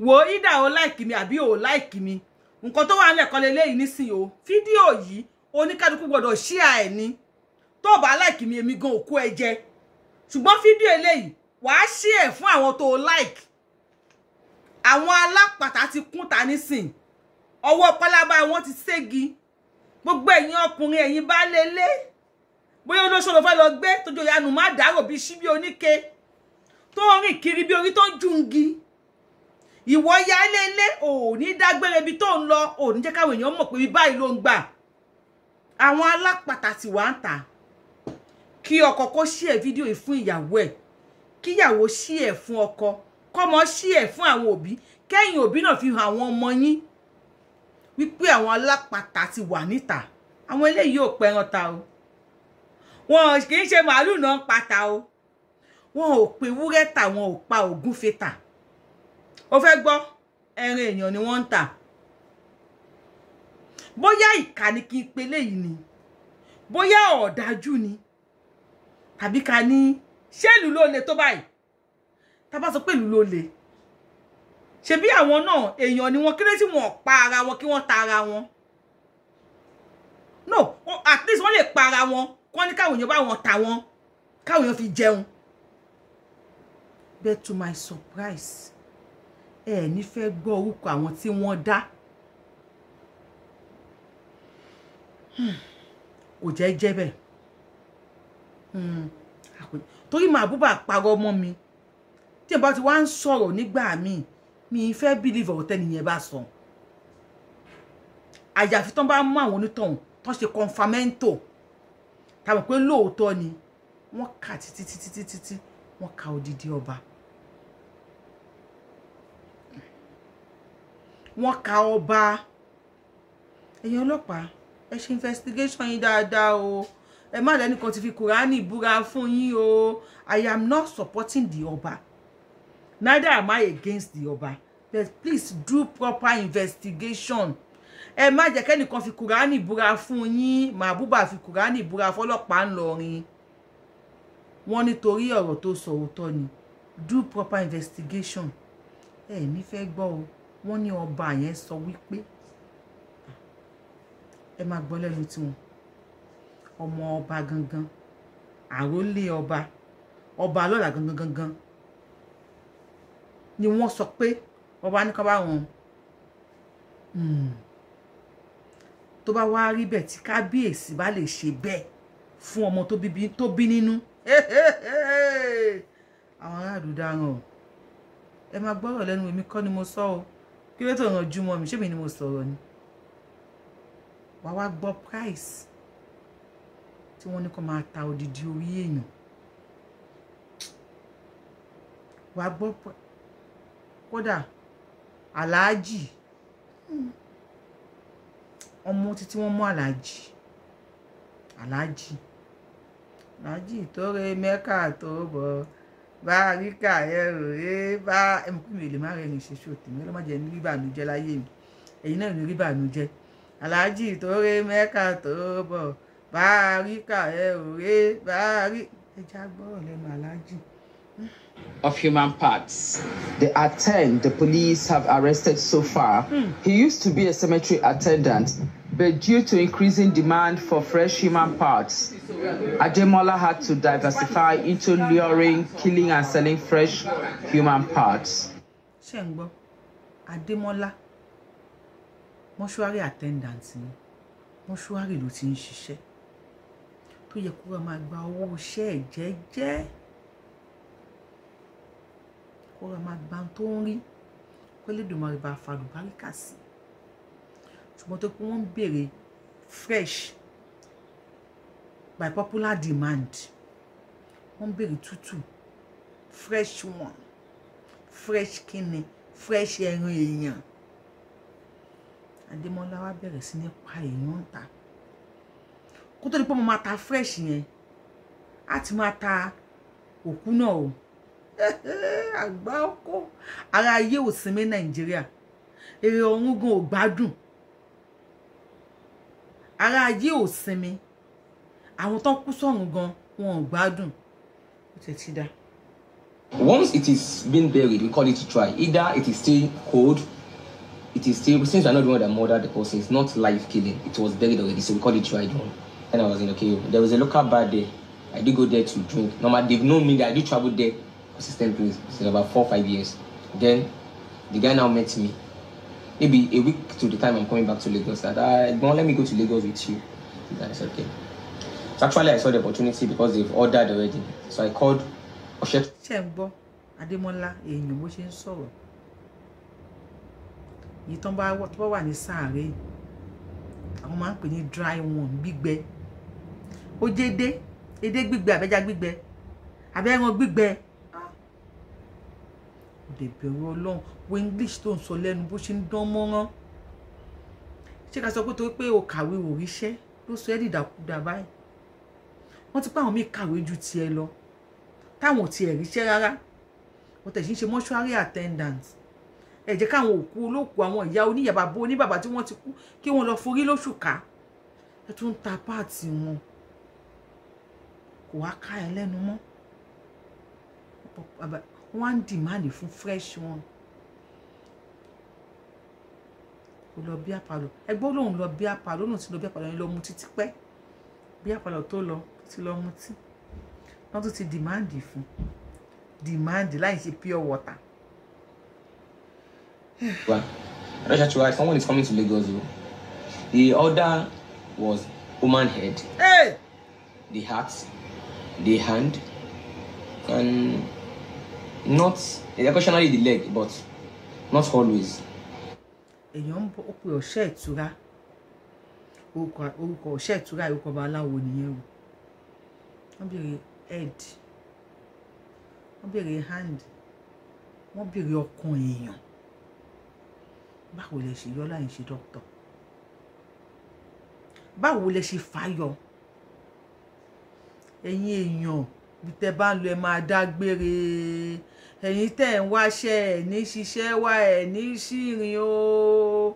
wò ó o like mi àbí o like mi nǹkan tó wà ń lẹ̀kọ́ lélẹ́yìí nísìnyí o fídíò yìí oníkálukú gbọ́dọ̀ share ẹ̀ ni tó bá láìkì mi èmi gan òkú ẹ jẹ ṣùgbọ́n fídíò eléyìí wàá ṣí ẹ̀ fún àwọn tó láìkì àwọn alápàtà ti kún ta nísìn ọwọ́ pálábá wọn ti ségi gbogbo ẹ̀yin ọkùnrin ẹ̀yin bá lélé bóyá olóṣó ló fẹ́ lọ gbé tójú ìyanu má dárò bíi bi oníke tó ń rìn kiri bi orí tó ń jungi ìwọ ya lélé ò ní dágbére ibi tó ń lọ ò ní jẹ́ káwọn èèyàn mọ̀ pé ibi báyìí ló ń gbà àwọn alápàtà sì wá ń tà kí ọkọ kó ṣí ẹ fídíò yìí fún ìyàwó ẹ kíyàwó ṣí ẹ fún ọkọ kọ́mọ ṣí ẹ fún àwọn òbí kẹ́yìn òbí náà fi hàn àwọn ọmọ yín wípé àwọn alápàtà ti wà níta àwọn eléyìí ò pẹran ta o wọn kì í ṣe màálù náà ń pata o wọn ò pe wúrẹ́ tà wọn ò pa ògúnfe tà ó fẹ́ gbọ́ ẹran èèyàn ni wọ́n ń tà bóyá ìkà ni kí n pe léyìí ni bóyá ọ̀dájú ni tàbí ká ní ṣé ìlú ló le tó báyìí tá a bá sọ pé ìlú ló le ṣebí àwọn náà èèyàn ni wọ́n kéré tí wọ́n pa ara wọn kí wọ́n ta ara wọn no at least wọ́n lè pa ara wọn kọ́ ní káwọn èèyàn bá wọn ta wọn káwọn èèyàn fi jẹun but to my surprise ẹ ní fẹ́ gbọ́ orúkọ àwọn tí wọ́n dá hmm. kò jẹ́ jẹ́ bẹ́ẹ̀ hmm. torí màá búbà parọ́ mọ́ mi tí ẹ ti wá ń sọ̀rọ̀ nígbà míì mi fẹ́ bílíìfù ọ̀tẹ́ nìyẹn bá sọ àyàfi tán bá mú àwọn onítọ̀hún tán ṣe kọnfàmẹ́ńtò tàbí pé lóòótọ́ ni wọ́n kà títí títí títí wọ́n kà odidi ọba wọ́n ka ọba ẹ̀yin ọlọ́pàá ẹ ṣe investigation yín dáadáa o ẹ má lẹ́nìkan ti fi kùránì búra fún yín o I am not supporting the ọba neither am I against the ọba but please do proper investigation ẹ má jẹ́ kẹ́nìkan fi kùránì búra fún yín màbúbà fi kùránì búra fọlọ́pàá ńlọrin wọ́n nítorí ọ̀rọ̀ tó sọ òótọ́ ni do proper investigation ẹ ní fẹ́ gbọ́ o wọ́n ní ọba yẹn sọ wípé ẹ máa gbọ́ lẹ́nu tiwọn ọmọ ọba gangan àrólé ọba ọba lọ́la gangan gangan ni wọ́n sọ pé ọba ní ká bá wọn hmm. tó bá wá rí bẹ́ẹ̀ tí kábíyèsí bá lè ṣe bẹ́ẹ̀ fún ọmọ tó bí nínú àwọn aráàlú dáràn ẹ máa gbọ́rọ̀ lẹ́nu èmi kọ́ ni mo sọ o. So kí ló tó rànjú mọ́ mi ṣé mi ni mo sọ̀rọ̀ ni wàá wá gbọ́ price tí wọ́n ní kó máa ta odidi orí èèyàn wàá gbọ́ kódà aláàjì ọmọ títí wọ́n mú aláàjì aláàjì aláàjì tó re tó bọ̀ báríkà ẹrù ẹ bá ẹmọkùnrin èlé má rẹrìn ìṣesí òtèmí ọlọmọdé ní rí bànújẹ́ láyé mi ẹ̀yin náà ní rí bànújẹ́ aláàjì tó ré mẹ́ka tó bọ̀ báríkà ẹrù ẹ bárí ẹja gbọ́rọ̀ lẹ́nu aláàjì. of human parts. There are 10 the police have arrested so far. Mm. He used to be a cemetery attendant but due to increasing demand for fresh human parts, Ademola had to diversify into luring, killing, and selling fresh human parts. ṣé Ademola, gbọ́ Adémọ́lá mọ́ṣúárì attendant ni mọ́ṣúárì ló ti ń ṣiṣẹ́ tó yẹ kó ra máa gba owó iṣẹ́ ẹ̀ jẹ́jẹ́ kó ra máa gba tó ń ṣùgbọ́n tó pé wọ́n ń béèrè fresh by popular demand wọ́n ń béèrè tútù fresh one fresh kíni fresh ẹran èèyàn Adémọ́lá wa bẹ̀rẹ̀ sí ní pa èèyàn ta kó tó di pé mo máa ta fresh yẹn á ti máa ta òkú náà o àgbá ọkọ ara ayé ò Nàìjíríà èrè ọ̀run gan ò gbádùn ara ayé ò sinmi àwọn tán kú sọ̀rùn gan wọn ò gbádùn once it is been buried we call it dry either it is still cold it is still since we are not the one that murdered the person it's not life killing it was buried already so we call it dry down and i was in okay there was a local bar there i did go there to drink normal they know me that i did travel there consistent place since about four five years then the guy now met me maybe a week to the time I'm coming back to Lagos, that I don't let me go to Lagos with you. That is okay. So actually, I saw the opportunity because they've ordered already. So I called Oshet. Chembo, Ademola, èèyàn bó You ń sọ̀rọ̀. Yìí tán bá tó bá wà ní sàárè, àwọn máa ń pè ní dry one gbígbẹ. Ó jẹ́ big bed. gbígbẹ, àbẹ́já gbígbẹ, big bed dèbẹ̀rù ọlọ́run wo english tó ń sọ lẹ́nu bó ṣe ń dán mọ́rán ṣé ká sọ pé torí pé o kàwé ò ríṣẹ́ ló sọ ẹ́ dìdàkudà báyìí wọ́n ti pé àwọn míì kàwé ju tiẹ̀ lọ táwọn ò tiẹ̀ ríṣẹ́ rárá wọ́n tẹ̀sí ń ṣe mọ́ṣúárì attendant ẹ jẹ́ káwọn òkú olóòkú àwọn ìyá oníyàbàbò oníbàbà tí wọ́n ti kú kí wọ́n lọ forí lóṣù ká ẹ tún ń ta páàtì wọn kò wá ká ẹ lẹ́nu mọ́ One demand ń dìmáàdì fresh one kò lọ bí àpàlọ́ ẹgbọ́n lòun lọ bí àpàlọ́ lòun ti lọ bí àpàlọ́ yẹn lọ mutí tipẹ́ bí àpàlọ́ tó lọ ti lọ mutí wọ́n tún ti dìmáàdì fún demand. láì ṣe pure water. well i don ṣàtúwà someone is coming to Lagos the order was woman head hey! the heart the hand and not occasionally the leg but not always. èèyàn ń bọ ó pe ọ̀ṣẹ́ ìtura orúkọ ọ̀ṣẹ́ ìtura orúkọ babaláwo nìyẹn o wọ́n béèrè head wọ́n béèrè hand wọ́n béèrè ọkàn èèyàn báwo lẹ ṣe yọ láì ṣe dókítà báwo lẹ ṣe fà yọ ẹ̀yin èèyàn ibi tẹ́ bá ń lọ ẹ máa dágbére ẹ̀yin tẹ́ ń wáṣẹ́ ẹ̀ ní ṣiṣẹ́ wá ẹ̀ ní ṣìrìn o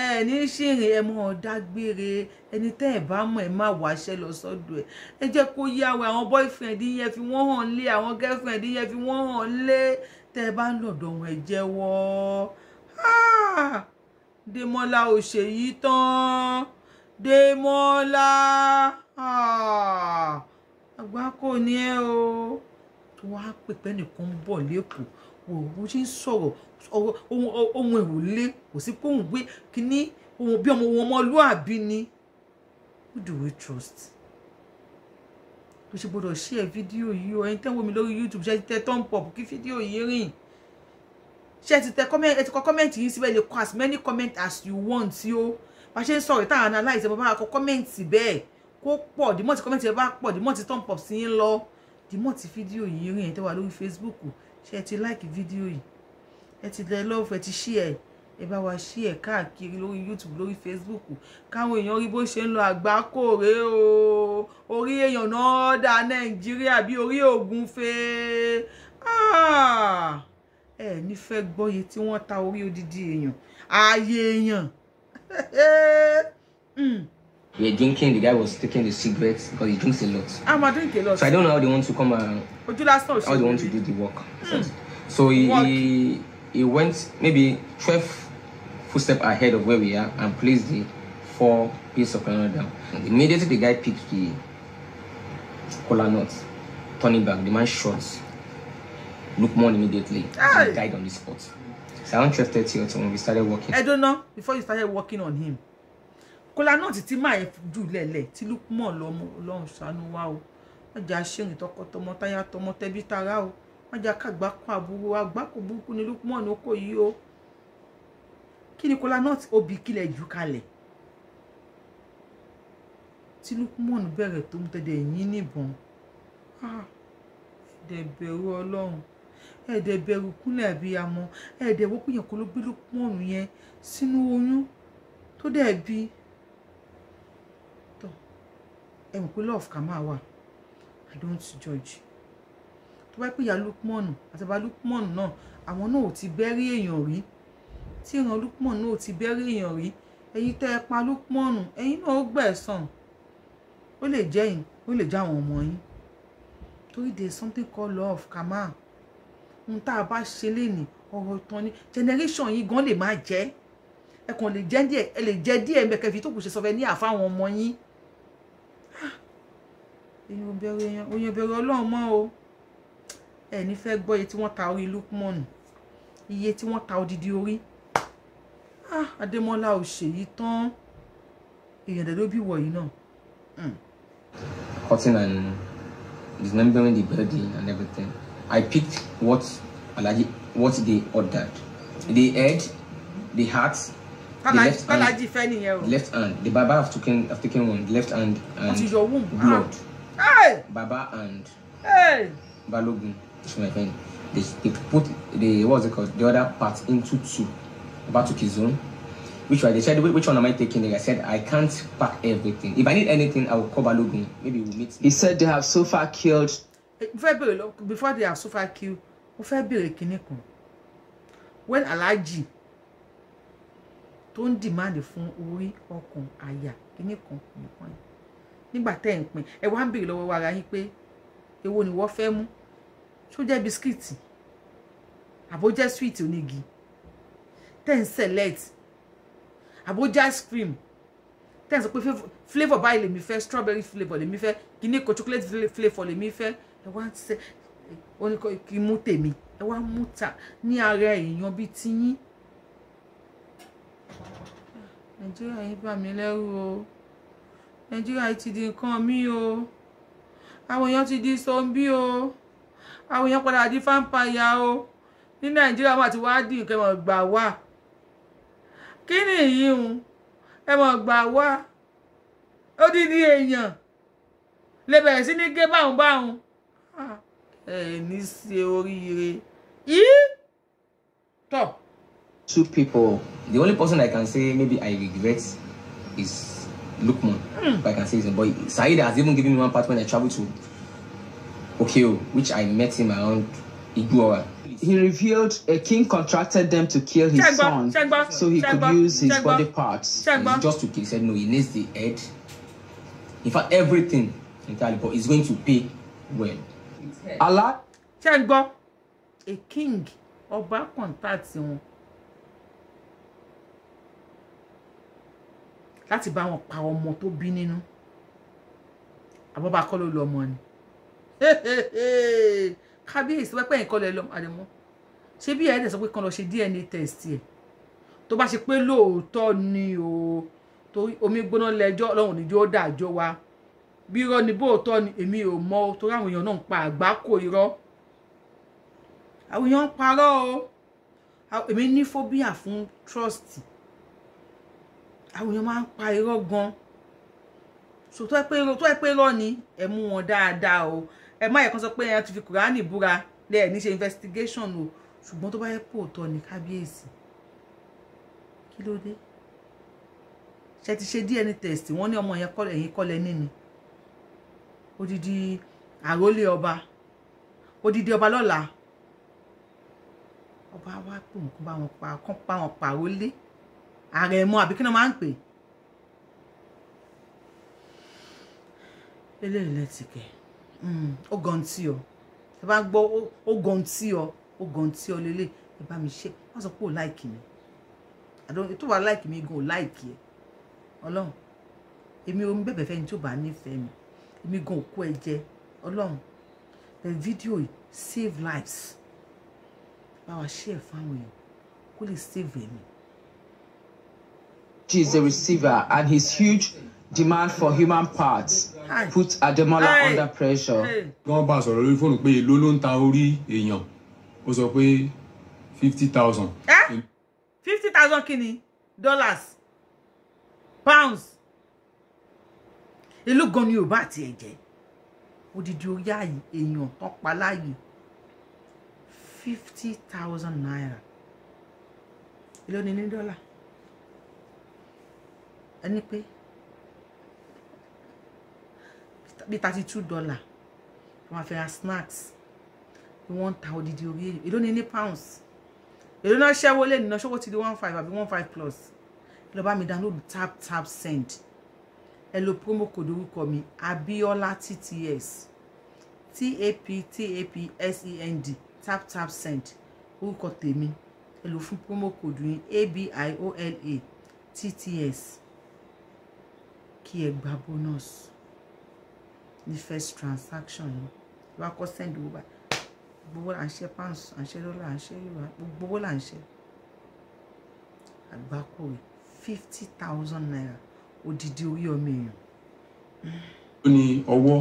ẹ̀ ní ṣìrìn ẹ̀ mọ̀ dágbére ẹni tẹ́ ẹ̀ bá mọ̀ ẹ̀ má wáṣẹ́ lọ sọ́dọ̀ ẹ̀ ẹ jẹ́ kó yá wa àwọn boyfriend yẹn fi wọ́n hàn lé àwọn girlfriend yẹn fi wọ́n hàn lé tẹ́ ẹ bá ń lọ̀dọ̀ wọn ẹ jẹ́wọ́ demola ò ṣèyí tán demola Ah àgbákò ni ẹ o tó wá pè pé nìkan ń bọ̀ lẹ́kọ̀ọ́ ṣe ń sọ̀rọ̀ ohun èrò lé kò sí kóhùn gbé kínní ohun bí ọmọ wọn ọmọlúàbí ni who do we trust o ṣe gbọdọ̀ share fídíò yìí o ẹni tẹ́ ń lórí youtube ṣe ti tẹ thumb up kí fídíò yìí rìn ṣe ti tẹ comment ẹ ti kọ comment yìí síbẹ̀ lè kọ as many comments as you want tí ó bá ṣe ń sọ̀rọ̀ táwọn analyze ẹ bá bá kọ comment bẹ́ẹ̀ kó pọ̀ dìmọ́ tí kọ́mẹ́ntì ẹ bá pọ̀ dìmọ́ tí thumb up sí yín lọ dìmọ́ tí fídíò yìí rìn ẹ̀ tẹ́ wà lórí Facebook ṣé ẹ ti like fídíò yìí ẹ ti lẹ lọ́wọ́ ẹ ti share ẹ bá wa share káàkiri lórí YouTube lórí Facebook káwọn èèyàn rí bó ṣe ń lọ àgbákòrè o orí èèyàn náà dá Nàìjíríà bí orí ògùn ah! fẹ́ ẹ nífẹ̀ẹ́ gbọ́yé tí wọ́n ta orí odidi èèyàn ààyè èèyàn. Hmm. We were drinking, the guy was taking the cigarettes because he drinks a lot. I'm ah, a drink a lot. So I don't know how they want to come and but you last how they want to do the work. Mm. So he, work. he he went maybe twelve footsteps ahead of where we are and placed the four pieces of cola down. And immediately the guy picked the cola nuts, turning back, the man shot more immediately. died on the spot. So around 12 30 or something. we started working. I don't know before you started working on him. kólá náà títí máa yẹ jù lẹ̀lẹ̀ tí lukman lọ́mọ ọlọ́run ṣàánú wa o wọ́n jà ṣèrìn tọkọtọmọ táyà tọmọ tẹbí tara o wọ́n jà kàgbá kó àbúrò àgbákò burúkú ni lukman ó kò yí o kí ni kólá náà obì kílẹ̀ jù kalẹ̀ tí lukman bẹ̀rẹ̀ tó ń tẹ̀dẹ̀ yín níbọn ẹ̀dẹ̀ bẹ̀rù ọlọ́run ẹ̀dẹ̀ kúnlẹ̀ àbíyamọ ẹ̀dẹ̀ wọ́pẹ̀yàn ló gbé lukman yẹn sínú oyún tó dẹ̀ bíi ẹ mọ̀ pé love kà máa wà i don't judge tó bá pé ìyá lukmọ̀nù àtàbà lukmọ̀nù náà àwọn náà ò ti bẹ́rí èèyàn rí tí ìran lukmọ̀nù náà ò ti bẹ́rí èèyàn rí ẹ̀yin tẹ́ ẹ pa lukmọ̀nù ẹ̀yin náà ó gbẹ̀san ó lè jẹ́ yín ó lè jẹ́ àwọn ọmọ yín torí there's something called love kàmá ohun tá a bá ṣe lénìí ọ̀rọ̀ tán ni generation yìí gan lè má jẹ́ ẹ lè jẹ́ díẹ̀ ẹ lè jẹ́ díẹ̀ mẹ́kẹ́fì tó kù ṣe sọ fẹ́ ní àfáwọn ọmọ yín èyàn ò bẹ̀rù èyàn òyìn ọlọ́run mọ́ o ẹ ní fẹ́ gbọ́ iye tí wọ́n ta orí Lukman iye tí wọ́n ta odidi orí ah Adémọ́lá ò ṣèyí tán èèyàn dẹ̀ ló bí wọ̀nyí náà. Hmm. cutting and dismembering the body and everything I picked what alaji, what they ordered the head the heart the left hand the left hand the barber have taken have taken one the left hand and blood. Ah. Hey. Baba and hey. Balogun, my friend. They, they put the what's it called the other part into two. Baba took his own. Which one? They said which one am I taking? Like I said, I can't pack everything. If I need anything, I will call Balogun. Maybe we'll meet. He said they have so far killed. Before they have so far killed, mo fẹ́ bèrè when Alhaji tó ń dìmáàdì fún orí ọkàn àyà kinní nígbà tẹ́ ń pín ẹ wá ń bèrè lọ́wọ́ ara yín pé èwo ni wọ́n fẹ́ mú ṣó jẹ́ bisikíìtì àbójẹ́ sweet onígi tẹ́ ń select àbójẹ́ ice cream tẹ́ ń sọ pé flavour báyìí lèmi fẹ́ strawberry flavour lèmi fẹ́ kíní kan chocolate flavour lèmi fẹ́ ẹ wá ń sẹ oníkọ kí mú tèmi ẹ wá mú ta ní ara èèyàn bíi tiyín nàìjíríà yìí bà mí lẹ́rù o nàìjíríà ti di nǹkan mi o àwọn èèyàn ti di zombi o àwọn èèyàn padà di fáńpáyà o ní nàìjíríà wọn àti wá di nǹkan ẹmọ gbà wá kí ni èyí ń ẹmọ gbà wá ó di ní èèyàn lè bẹ̀rẹ̀ sí ní gé báhùn báhùn ẹ ní ṣe oríire yìí tọ. two people the only person i can say maybe i regret is Look mm. like I say his name. But has even given me one part when I traveled to Okeo, which I met him around Iguawa. He revealed a king contracted them to kill his Chagba, son Chagba, so he Chagba, could use his body parts. Just to kill. He said, no, he needs the head. In fact, everything entirely, but he's going to pay well. Allah. God, a king, ọba contact wọn. láti bá wọn pa ọmọ tó bí nínú àbọ̀bá kọ́ ló lọ́mọ ni kábíyèsí wẹ́pẹ́ yìí kọ́ lẹ́ lọ́mọ àdèmọ́ ṣé bí ẹ̀ẹ́dẹ̀ sọ pé kan lọ ṣe DNA test ẹ̀ tó bá ṣe pé lóòótọ́ ni o tó omi gbóná lẹ́jọ́ ọlọ́run níjó dàjọ́ wa bí irọ́ ni bóòótọ́ ni èmi ò mọ o torí àwọn èèyàn náà ń pa àgbákò irọ́ àwọn èèyàn ń parọ́ o èmi ní fóbíà fún trust àwọn èèyàn máa ń pa irọ́ gan so tó ẹ pé irọ́ tó ẹ pé irọ́ ni ẹ mú wọn dáadáa o ẹ má yẹ kán sọ pé ẹ ti fi kùránì búra lẹ ẹ ní ṣe investigation o ṣùgbọ́n tó bá yẹ kó tọ́ ní kábíyèsí kí ló dé ṣe ti ṣe DNA test wọ́n ní ọmọ yẹn kọ́ ẹ̀yìn kọ́lẹ̀ níní odidi àrólé ọba odidi ọba lọ́la ọba wa pòun kó bá wọn pa kán pa wọn pa àrólé àrẹ̀mọ àbí kí ni wọ́n máa ń pè eléyìí lẹ́tìkẹ́ hmm, ó gan tí o ẹ bá gbọ́ ó gan tí o ó gan tí o lélẹ̀ ẹ bá mi ṣe wọ́n sọ pé ò láìkì mi tó wà láìkì mi gan ò láìkì ẹ ọlọ́run èmi omi bẹ̀bẹ̀ fẹ́ni tí ò bá nífẹ̀ẹ́ mi èmi gan òkú ẹ jẹ ọlọ́run the video save lives báwa ṣe ẹ̀ fáwọn èèyàn kó lè save ẹ̀mí She is the receiver and his huge demand for human parts put Ademola hey. under pressure. wọ́n pass on the phone. fóònù pé èló ló ń ta orí èèyàn fifty thousand. fifty thousand kí dollars pounds ìlú gan ni yorùbá àti ẹ̀jẹ̀ odidi orí ààyè èèyàn tán pa láàyè fifty thousand naira èló don't need dollar ẹni pé bí thirty two dollar wọn fẹ́ ra snacks bí wọ́n ń ta odidi orí èyí èló ni ní pounds èló náà ṣẹ́wó lé nínú ṣọ́wọ́ ti di one five àbí one five plus lọ bá mi download tap tap send ẹ lo promo code orúkọ mi abiola tts tap tap send tap tap send orúkọ tèmi ẹ lò fún promo code yín abiola tts kí ẹ gba bonus ní first transaction yìí wá kọ́ send owó bá gbogbo là ń ṣe pounds à ń ṣe dọ́là à ń ṣe euro gbogbo là ń ṣe àgbákò rẹ̀ fifty thousand naira odidi orí ọmọ èèyàn. ó ní ọwọ́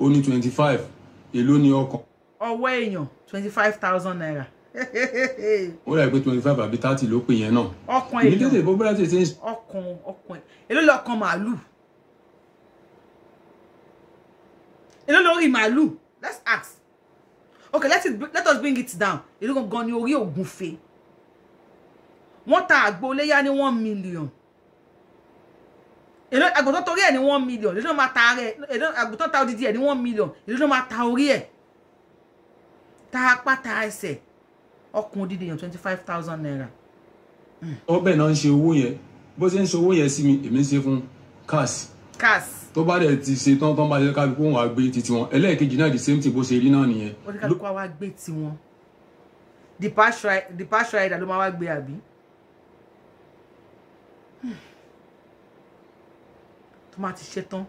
ó ní twenty five èló ní ọkàn. ọwọ́ èèyàn twenty five thousand naira ó rà pé twenty five àbí thirty ló pè yẹn náà ọkàn èèyàn èmi tètè bó bóyá tètè. ọkàn ọkàn èló lọ kan màálù èló lórí màálù let's ask okay let, it, let us bring it down èló gangan ni orí ògúnfe wọ́n ta àgbo léyà ní one million èló àgùntàn torí ẹ̀ ní one million èló máa ta rẹ̀ èló àgùntàn ta odidi ẹ̀ ní one million èló máa ta orí ẹ̀ ta apá ta ẹsẹ̀ ọkùn odidi èèyàn twenty five thousand naira. Hmm. ó bẹ́ẹ̀ náà ń ṣe owó yẹn bó ṣe ń ṣe owó yẹn sí mi èmi ń ṣe fún cash. cash. tó bá dẹ̀ ti ṣe tán tán bá ṣe kábi kó wọn á wọn ẹlẹ́ẹ̀kejì náà the same thing bó ṣe rí náà nìyẹn. ó ní kálukú wa gbé the past rider ló máa wá gbé àbí. Hmm. tó máa ti ṣe tán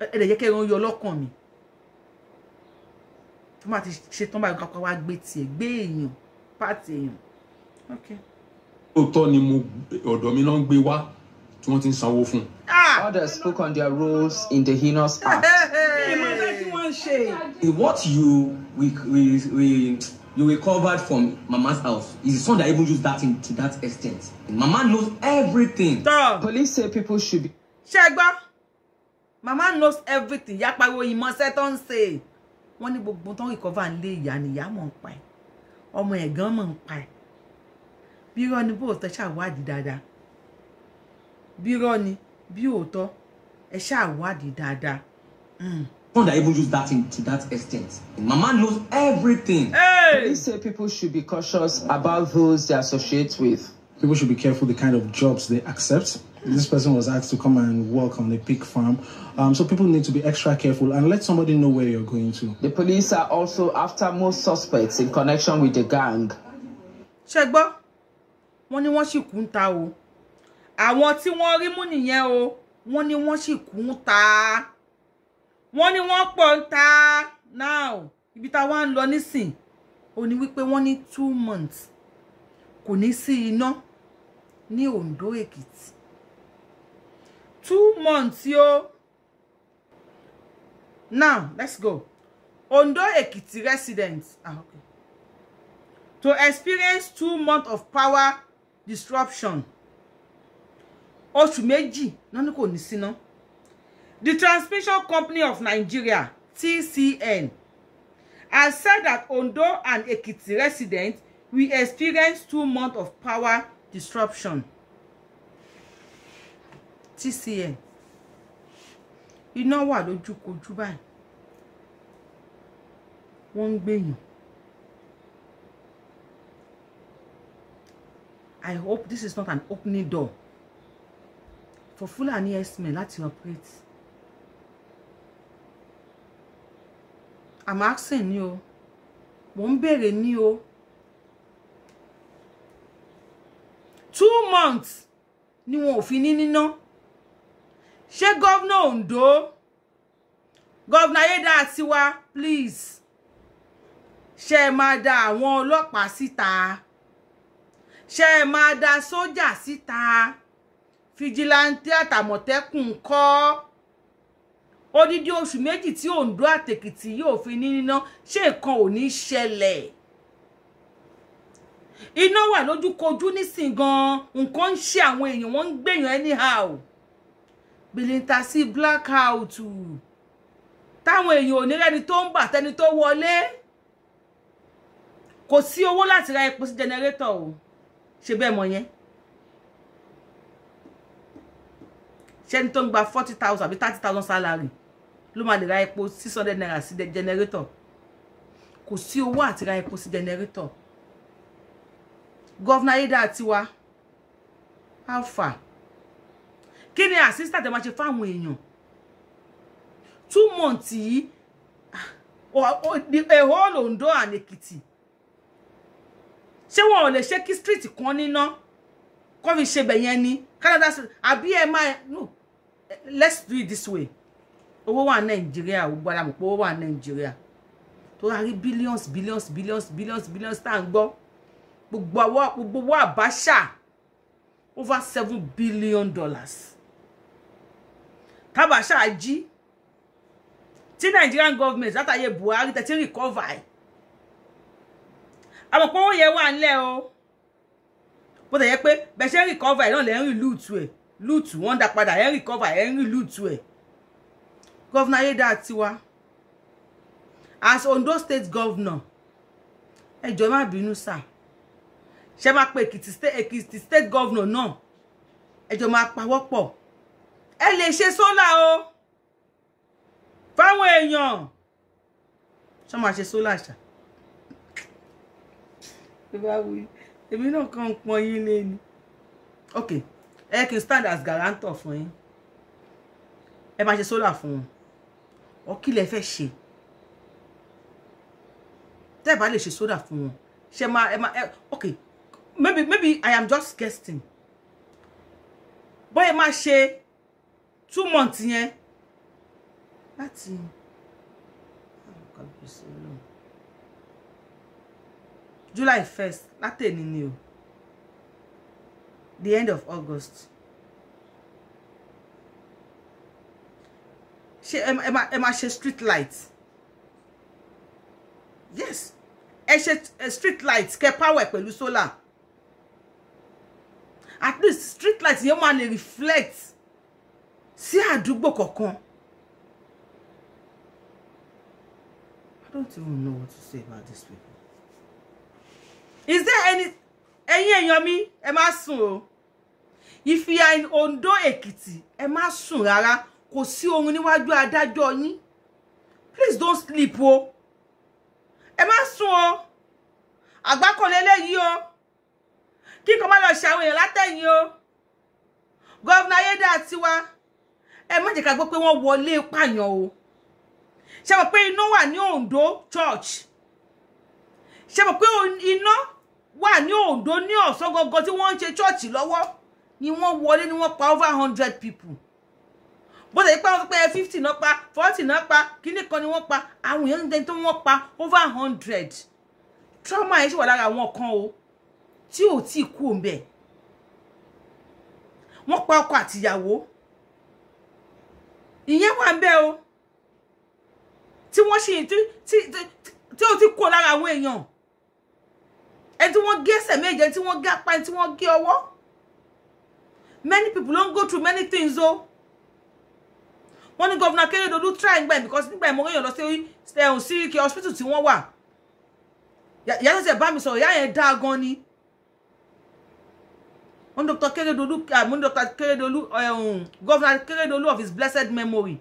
ẹ̀ẹ́dẹ̀ yẹ kẹ́rin ó yọ ọlọ́kàn mi tó máa ti ṣe tán báyìí kankan wá gbé tiẹ̀ gbé èèyàn pàtì èèyàn. lóòótọ́ ni mo ọ̀dọ̀ mi náà ń gbé wá tí wọ́n ti ń sanwó fún. Ah! others spoke on their roles in the heinous act. what you we we we you recovered from mama's house is the son that even used that thing to that extent mama knows everything. Stop. police say people should be. ṣe mama knows everything yapa wo ìmọ̀ọ́sẹ́ tó say wọ́n ní gbogbo tán ìkọ́fà ń lé ìyá nìyá mọ̀ ń pa ẹ̀ ọmọ ẹ̀gán mọ̀ ń pa ẹ̀ bí irọ́ ni bó tọ́ ṣàwádìí dáadáa bí irọ́ ni bí òótọ́ ẹ ṣàwádìí dáadáa. Hmm. Someone that even use that thing to that extent. Mama knows everything. Hey! They say people should be cautious about those they associate with people should be careful the kind of jobs they accept. This person was asked to come and work on the pig farm. Um, so people need to be extra careful and let somebody know where you're going to. The police are also after most suspects in connection with the gang. ṣẹgbọ́ wọ́n ní wọ́n sì kú ń ta o àwọn tí wọ́n rí mú nìyẹn o wọ́n ní wọ́n sì kú ń ta wọ́n ní now ibi tá a wá ń lọ nísìn ó ní wípé two months kò ní sí iná. No? ní Ondo Èkìtì two months yo now let's go Ondo Èkìtì residents ah, okay. to experience two months of power disruption oṣù méjì náà ni kò ní síná the transmission company of Nigeria TCN has said that Ondo and Ekiti residents will experience two months of power disruption tcn iná wà lójúkojú báyìí wọ́n ń gbèyàn i hope this is not an opening door for Fulani herdsmen láti operate i'm asking ni o mo ń béèrè ni o. two months ni wọn ò fi ní níná ṣé gọ́vnà Ondo gọ́vnà Ayédátiwa please ṣe é máa da àwọn ọlọ́pàá síta ṣe é máa da sójà síta fìjìláńtì àtàmọ̀tẹ́kùn kọ́ odidi oṣù méjì tí Ondo àtèkìtì yóò fi ní níná ṣé nǹkan ò ní ṣẹlẹ̀ iná wà lójúkojú nísìn gan nǹkan ń ṣe àwọn èèyàn wọ́n ń gbèyàn anyhow bìlìntàsí blackout táwọn èèyàn ò ní rẹ́ni tó ń bà tẹ́ni tó wọlé kò sí owó láti ra epo sí jẹnẹrétọ̀ o ṣe bẹ́ẹ̀ mọ̀ yẹn ṣẹ́ni tó ń gba forty thousand àbí thirty thousand salary ló máa lè ra epo six hundred naira sí jẹnẹrétọ̀ kò sí owó àti ra epo sí jẹnẹrétọ̀ gọ́fúnà ayédá tiwa alpha kí ni assistant ẹ máa ṣe fáwọn èèyàn two months yìí ah, a whole Ondo and Ekiti. ṣé wọn ò lè ṣe kí street kan níná kọ́ fi ṣe bẹ̀yẹn ni Canada street àbí ẹ máa no let's do it this way owó wà Nàìjíríà gbogbo alamọ̀pọ̀ owó wà Nàìjíríà tó rárí billions billions billions billions billions tá à ń gbọ́ gbogbo àwọ gbogbo owó Abacha over seven billion dollars tábàṣà jí tí Nigerian government látàyè Buhari tẹ̀tí recover ẹ̀ àwọn pọ́wọ́ yẹn wà nílẹ̀ o bó tẹ̀ yẹ pé bẹ́ẹ̀ ṣe recover ẹ̀ náà lẹ́ ń rí lùtù ẹ̀ lùtù wọ́n dá padà ẹ̀ recover ẹ̀ ń rí lùtù ẹ̀ governor Ayédàtiwa as Ondo state governor ẹ jọ̀ọ́ má bínú sáà ṣe máa pe èkìtì state èkìtì state governor náà ẹjọ máa pawọ́pọ̀ ẹ lè ṣe sólà o fáwọn èèyàn ṣe máa ṣe sólà ṣá èmi náà kàn ń pọn yín lé ni ok ẹ kì í stand as guarantor fún yín ẹ máa ṣe sólà fún wọn ọ kí lẹ fẹ́ ṣe tẹ́ ẹ bá lè ṣe sólà fún wọn ṣe máa ẹ maybe maybe i am just guessing bóyá ma she two months That's láti ah, july first látẹ̀ni ni o the end of august She ṣe ẹ máa she street lights. yes she ṣe street lights ke power pẹ̀lú solar at least street light yẹn máa lè reflect sí àdúgbò kọ̀ọ̀kan. I don't even know what to say about this. people. Is there any ẹ̀yin èèyàn mi ẹ má sùn o ìfìyà Ondo Èkìtì ẹ má sùn rárá kò sí oorun níwájú adájọ́ yín please don't sleep o ẹ má sùn o àgbákọ̀lẹ́lẹ́ yìí o kí kò má lọ ṣàwọn èèyàn látẹ̀yìn o gọ́vnà Ayédàtiwa ẹ má jẹ́ ká gbọ́ pé wọ́n wọlé pààyàn o ṣe mọ̀ pé iná wà ní Ondo church ṣe mọ̀ pé iná wà ní Ondo ní ọ̀sán gangan tí wọ́n ń ṣe church lọ́wọ́ ni wọ́n wọlé ni wọ́n pa over hundred people bó ṣe pé wọ́n pé fifty náà pa forty náà pa kíní kan ni wọ́n pa àwọn èèyàn ní tó wọ́n pa over hundred trauma yẹn sì wà lára àwọn kan o tí ò tí kú òǹbẹ wọ́n pa ọkọ àtìyàwó ìyẹn wà ń bẹ o tí wọ́n ṣe tí tí ó ti kó lára àwọn èèyàn ẹ tí wọ́n gé ẹsẹ̀ méje tí wọ́n gé apá tí wọ́n gé ọwọ́ many people don go through many things o wọ́n ní gọ́vùnà Akérédolú try ngbà because nígbà ìmọ̀ èèyàn lọ sí ẹ̀hún eh, sí kí hospital tí wọ́n wà ìyá ṣẹ̀ṣẹ̀ bá mi sọ̀rọ̀ ìyá yẹn dáa gan ni when Dr. Keredolu, uh, ah, when Dr. Keredolu, eh, um, Governor Keredolu of his blessed memory,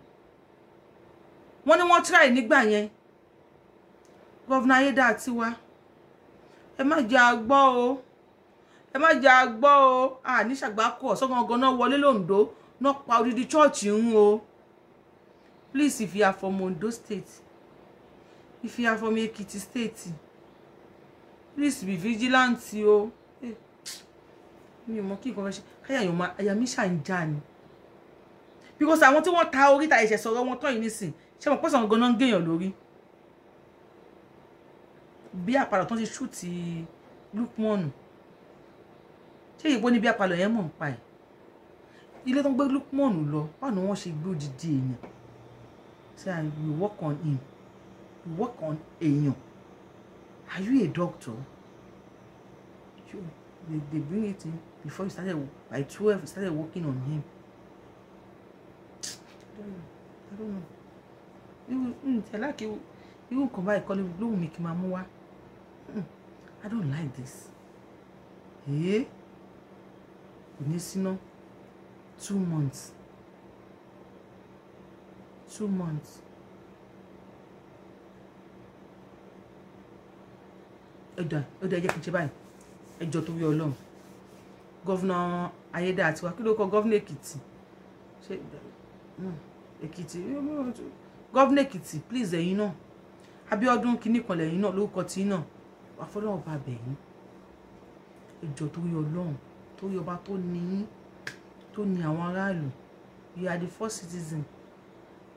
wọ́n want to try nígbà yẹn Governor Ayédàtiwa ẹ má jẹ́ àgbọ́ o ẹ má jẹ́ àgbọ́ o àní ṣàgbákò ọ̀sán gangan náà wọlé lóńdó náà pa odidi chọ́ọ̀chì ń o please if you are from Ondo state if you are from Ekiti state please be vigilant o. Oh mi ò mọ kí nǹkan fẹ́ ṣe káyà yàn máa àyà mi ṣà ń já ni because àwọn tí wọ́n ta oríta ẹ̀ṣẹ̀ sọ̀rọ̀ wọn tán yìí nísìn ṣé mo pẹ́sàn gan-an ń gèèyàn lórí bí àpàlọ̀ tó ń ṣe ṣúùtì lukmọ́nù ṣé ìyẹ̀pọ̀ ní bí àpàlọ̀ yẹn mọ̀ ń pa ẹ̀ ilé tó ń gbé lukmọ́nù lọ báwo ni wọ́n ṣe gbé òdìdí èèyàn say i will work on him you work on èèyàn are you a doctor? You they, they bring it in before you started by 12 you started working on him i don't know even mm, i like you even come by calling blue make my mua i don't like this eh kò ní síná two months two months ẹ dà ẹ dà ẹ jẹ́ kí ṣe báyìí ẹjọ́ tó wí ọlọ́run gọ́vnà Ayédátiwa kí ló kọ gọ́vnà Èkìtì ṣe hmm, Èkìtì gọ́vnà Èkìtì please ẹ̀yin náà Abíọ́dún kínní kan lẹ́yìn náà lórúkọ tí náà àfọlọ́wọ́ bá bẹ̀yìn ẹjọ́ tó wí ọlọ́run tó yọ ọba tó ní tó ní àwọn aráàlú you are the first citizen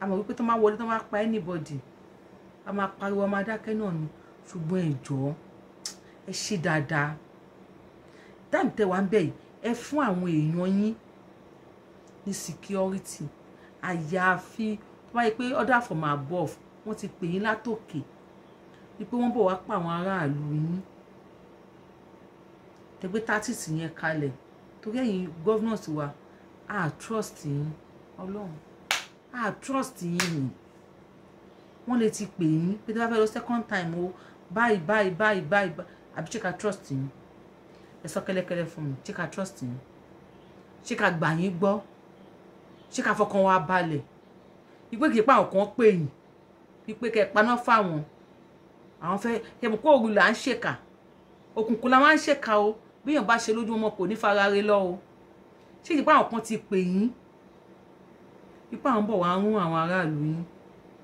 àmọ́ wípé tó máa wọlé tó máa pa anybody a máa pariwo a máa dákẹ́ náà ni ṣùgbọ́n ẹ̀jọ́ ẹ ṣe dáadáa táìmù tẹ́ wà ń bẹ̀ yìí ẹ fún àwọn èèyàn yín ní security àyàfi tó bá yẹ pé order from above wọ́n ti pè yín látòkè wípé wọ́n bọ̀ wá pa àwọn aráàlú yín tẹgbẹ́ tátìsì yẹn kalẹ̀ torí ẹ̀yin governors wa a trust yín ọlọ́run a trust yín ni wọ́n lè ti pè yín pé tí wọ́n fẹ́ lọ second time o báyìí báyìí báyìí báyìí àbí check a trust yín ẹ sọ kẹ́lẹ́kẹ́lẹ́ fún mi ṣé ká trust yín ṣé ká gbà yín gbọ́ ṣé ká fọkàn wa balẹ̀ ìpè kìí pa àwọn kan pè yín ìpè kẹ paná fáwọn àwọn fẹ́ kẹmọ kó òru là ń ṣèkà òkùnkùn la máa ń ṣèkà o bíyàn bá ṣe lójú ọmọ kò ní farare lọ o ṣé ìpè àwọn kan ti pè yín ipa àwọn bọ̀ wá ń rún àwọn aráàlú yín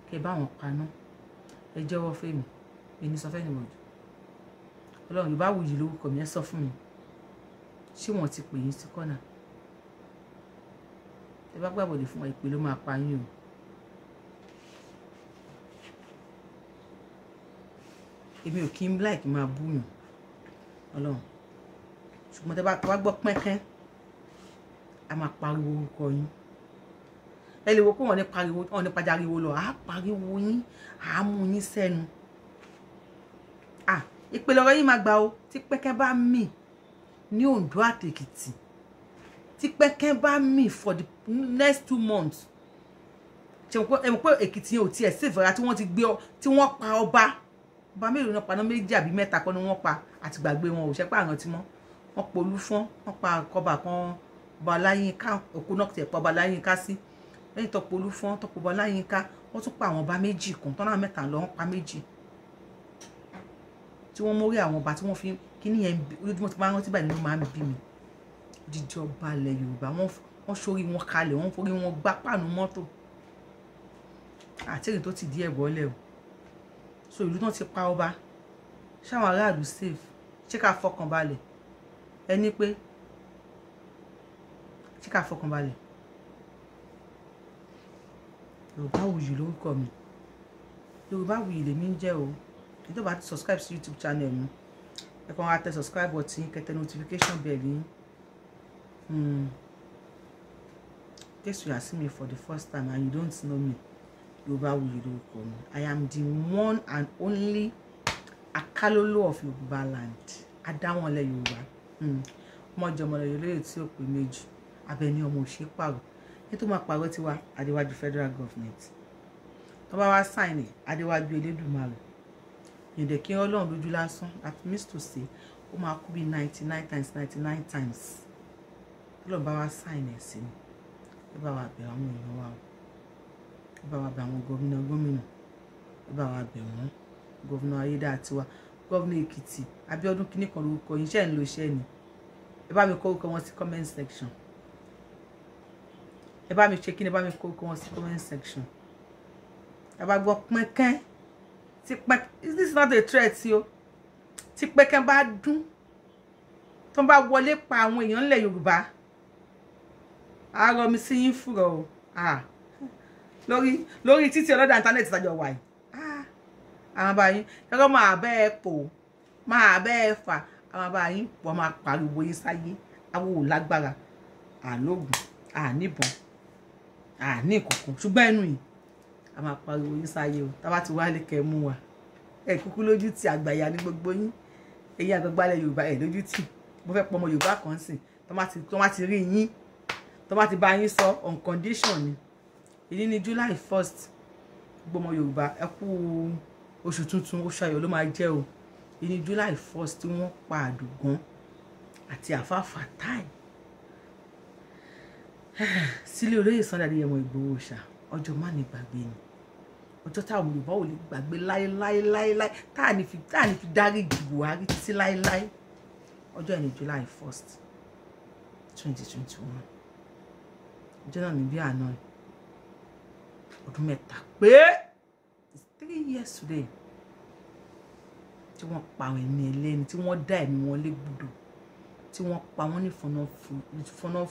kẹ bá wọn paná ẹ jẹ́wọ́ fẹ́mi èmi sọ fẹ́ni mọ̀jù ọlọ́run ìbáwòyí lórúkọ mi ẹ sọ fún mi ṣé wọ́n ti pè yín sí kọ́nà ẹ bá gbàgbọ́dé fún wa ìpè ló máa pa yín o. èmi ò kí ń láìkí máa búyàn ọlọ́run ṣùgbọ́n tẹ́ bá gbọ́ pẹ́kẹ́ a máa pariwo orúkọ yín ẹ lè wo pé wọ́n ní pariwo wọ́n ní pajariwo lọ àá pariwo yín àá mú yín sẹ́nu à ìpele ọ̀rọ̀ yín máa gbà o tí pẹ́kẹ́ bá mì ní Ondo àti Èkìtì tí pẹ́kẹ́ bá mì for the next two months ẹ̀mọ̀ pé Èkìtì yẹn ò tiẹ̀ sèfè rà tí wọ́n ti gbé ọ tí wọ́n pa ọba ọba mélòó náà paná méjì àbí mẹ́ta kan ni wọ́n pa àti gbàgbé wọn ò ṣe pé àrántí mọ́ wọ́n polú fọ́n wọ́n pa kọba kan ọba aláyínká òkú náà tiẹ̀ pa ọba aláyínká sí lẹ́yìn tó polú fọ́n tó pọ̀ aláyínká wọ́n tún pa àwọn ọba méjì kan tọ́nà mẹ́ta lọ́wọ́n pa méjì tí wọ́n mórí àwọn ọba tí wọ́n fi kíní yẹn ojúmọ́ tí wọ́n rántí báyìí ló máa ń bí mi jíjọba ilẹ̀ yorùbá wọ́n sórí wọn kalẹ̀ wọ́n forí wọn gbá pàánù mọ́tò àtẹ̀rì tó ti di ẹ̀ bọ́lẹ̀ o so ìlú náà ti pa ọba ṣáwọn aráàlú safe ṣé ká fọkàn balẹ̀ ẹni pé ṣé ká fọkàn balẹ̀ yorùbá wuyì lórúkọ mi yorùbá wuyì lèmi ń jẹ́ o ìjọba ti subscribe sí youtube channel mi ẹ kàn wá subscribe button yín kẹtẹ notification bell yín in case you are seeing me for the first time and you don't know me Yorubawuyi lórúkọ mi I am the one and only Akalolo of Yorùbá land adáwọnlẹ Yorùbá ọmọjọmọlẹ hmm. Yorùbá tí ó pè méjì abẹni ọmọ òṣèlú pààrọ̀ ní tó máa pààrọ̀ tiwa adéwájú federal government tó bá wá sáìn ní adéwájú elédùnmarè yẹ̀dẹ̀ kí ọlọ́run lójú lásán at least to say ó máa kú bí ninety nine times ninety nine times ọlọ́run bá wá sáìn ẹ̀ ni ẹ bá wa bẹ̀ àwọn èèyàn wa o ẹ bá wa bẹ̀ àwọn gómìnà gómìnà ẹ bá wa bẹ̀ wọ́n gómìnà ayédáàtiwa gómìnà èkìtì abíọ́dún kínní kan lórúkọ yìí iṣẹ́ ń lo iṣẹ́ ni ẹ bá mi kọ orúkọ wọn sí comment section ẹ bá mi ṣe kí ni ẹ bá mi kọ orúkọ wọn sí comment section ẹ bá gbọ́ pínkẹ́ tí pẹ́ this not a threat o tí pẹ́kẹ́ bá dún tó bá wọlé pa àwọn èèyàn ńlẹ̀ Yorùbá àárọ̀ mi sí yín fúrọ̀ o lórí lórí títí ọlọ́dà íńtánẹ́ẹ̀tì tàjọ wà yìí àwọn bá yín ẹ̀rọ máa bẹ́ ẹ pò máa bẹ́ ẹ fà àwọn bá yín pọ̀ máa pariwo yín sáyé àwọn ò lágbára àlóògùn àníbọn àní ìkọ̀kọ̀ ṣùgbọ́n ẹnu yìí a máa pariwo yín sáyé o tá a bá ti wálé kẹ́ mú wa ẹ kúkú lójú ti àgbàyà ní gbogbo yín ẹ̀yin àgbàgbàlẹ̀ yorùbá ẹ lójú tì mo fẹ́ pọ̀ ọmọ yorùbá kan sìn tó má ti rí yín tó má ti bá yín sọ on condition ni èyí ni july first gbogbo ọmọ yorùbá ẹ kú oṣù tuntun oṣù ayọ̀ ló máa jẹ́ o èyí ni july first tí wọ́n pa àdùgán àti àfáàfà táì sílé olóyè Sunday Adéyẹmọ Ìgbòho ṣá ọjọ́ má ní gbàgbé ni ọjọ́ táwọn Yorùbá ò lè gbàgbé láéláéláé táà ní fi táà ní fi dárí Buhari títí láéláé ọjọ́ ẹ̀ ní July first twenty twenty one ọjọ́ náà ní bí àná ọdún mẹ́ta pé it's three years today tí wọ́n pa àwọn ẹ̀mí ẹlẹ́ni tí wọ́n dá ẹ̀mí wọn légbodò tí wọ́n pa wọ́n ní fọ́nà fòrò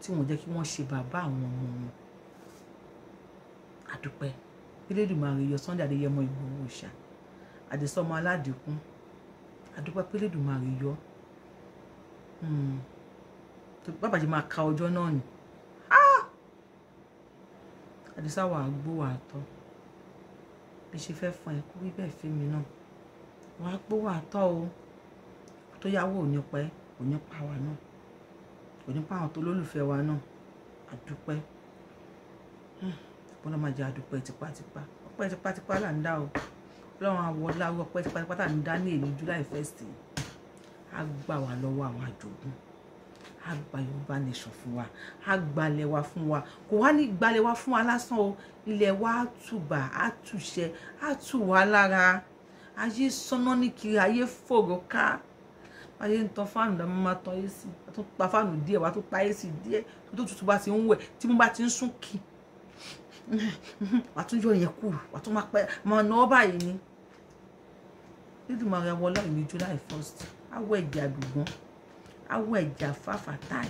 tí wọ́n jẹ́ kí wọ́n ṣe bàbá àwọn ọmọ wọn dúpẹ́ pélédùmarè yọ Sunday Adéyẹmọ Ìgbòho Òòṣà àdìsọmọ aládìkún àdúpẹ́ pélédùmarè yọ hmm. bàbá jẹ́ máa ka ọjọ́ náà nì ah! àdìsá wà á gbó wà á tọ́ bí ṣe fẹ́ fún ẹ kó rí bẹ́ẹ̀ fún mi náà wà á gbó wà á tọ́ o tó yáwó ò ní pẹ́ ò ní pa wà náà ò ní pa àwọn tó lólùfẹ́ wa náà àdúpẹ́. Hmm wọn náà máa jẹ àdúpẹ́ tipátipá ọpẹ́ tipátipá là ń dá o ọlọ́run àwọlá ọpẹ́ tipátipá là ń dá ní èmi july first á gbà wá lọ́wọ́ àwọn àjogún á gba yorùbá nation fún wa á gbalẹ̀ wa fún wa kò wá ní gbalẹ̀ wa fún wa lásán o ilẹ̀ wa á tùbà á tùṣẹ á tù wá lára ayé sọnà ní kiri ayé fòrò ká ayé ń tan fáànù dá máa tan ayé sí i wàá tún pa fáànù díẹ̀ wàá tún pa ayé sí i díẹ̀ tó tutù bá ti ń wẹ̀ tí mo bá ti ń sún kì àtúnjọ yẹn kù àtún máa pẹ́ máa ná ọ báyìí ni nídìí máa rẹwọ láì ní July first awọ ẹ̀jẹ̀ àdùgbọ́n awọ ẹ̀jẹ̀ àfáfà táì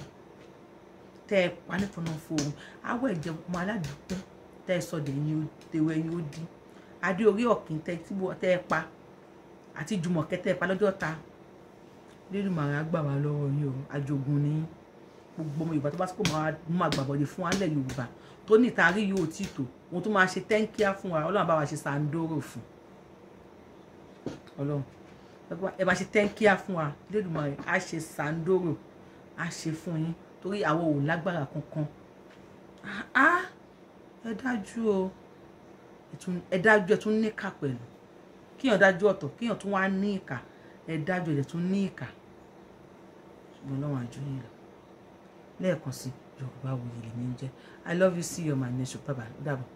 tẹ ẹ pa nítorí fóun awọ ẹ̀jẹ̀ ọmọ aládùúgbò tẹ ẹ sọ dẹ̀yìn tẹwọ ẹ̀yìn ó dín adé orí ọ̀kìn tẹ ẹ pa àti jùmọ̀kẹ́ tẹ ẹ pa lọ́jọ́ ta nídìí máa rẹ agbára lọ́wọ́ yìí o àjogún ni gbogbo ọmọ yorùbá tó bá sọ pé máa gbàbọ̀dé fún alẹ́ yorùbá tó ní ìtarí yóò tí tò wọn tó máa ṣe tẹ́ńkíá fún wa ọlọ́run bá wa ṣe sàǹdóró fún ọlọ́run ẹ bá ṣe tẹ́ńkíá fún wa lẹ́dùnmọ̀rẹ́ á ṣe sàǹdóró á ṣe fún yín torí àwọn ò lágbára kankan á ẹ dájú o ẹ dájú ẹ tún níkà pẹ̀lú kíyàn dájú ọ̀tọ̀ kíyàn tún wá ní ìkà ẹ dájú ẹ tún ní ìkà ṣùgbọ́n ọlọ́run àjọyìn lọ lẹ́ẹ̀kan sí Yorùbá Wuyì lèmi ń jẹ́ I love you see you my nation bye bye ó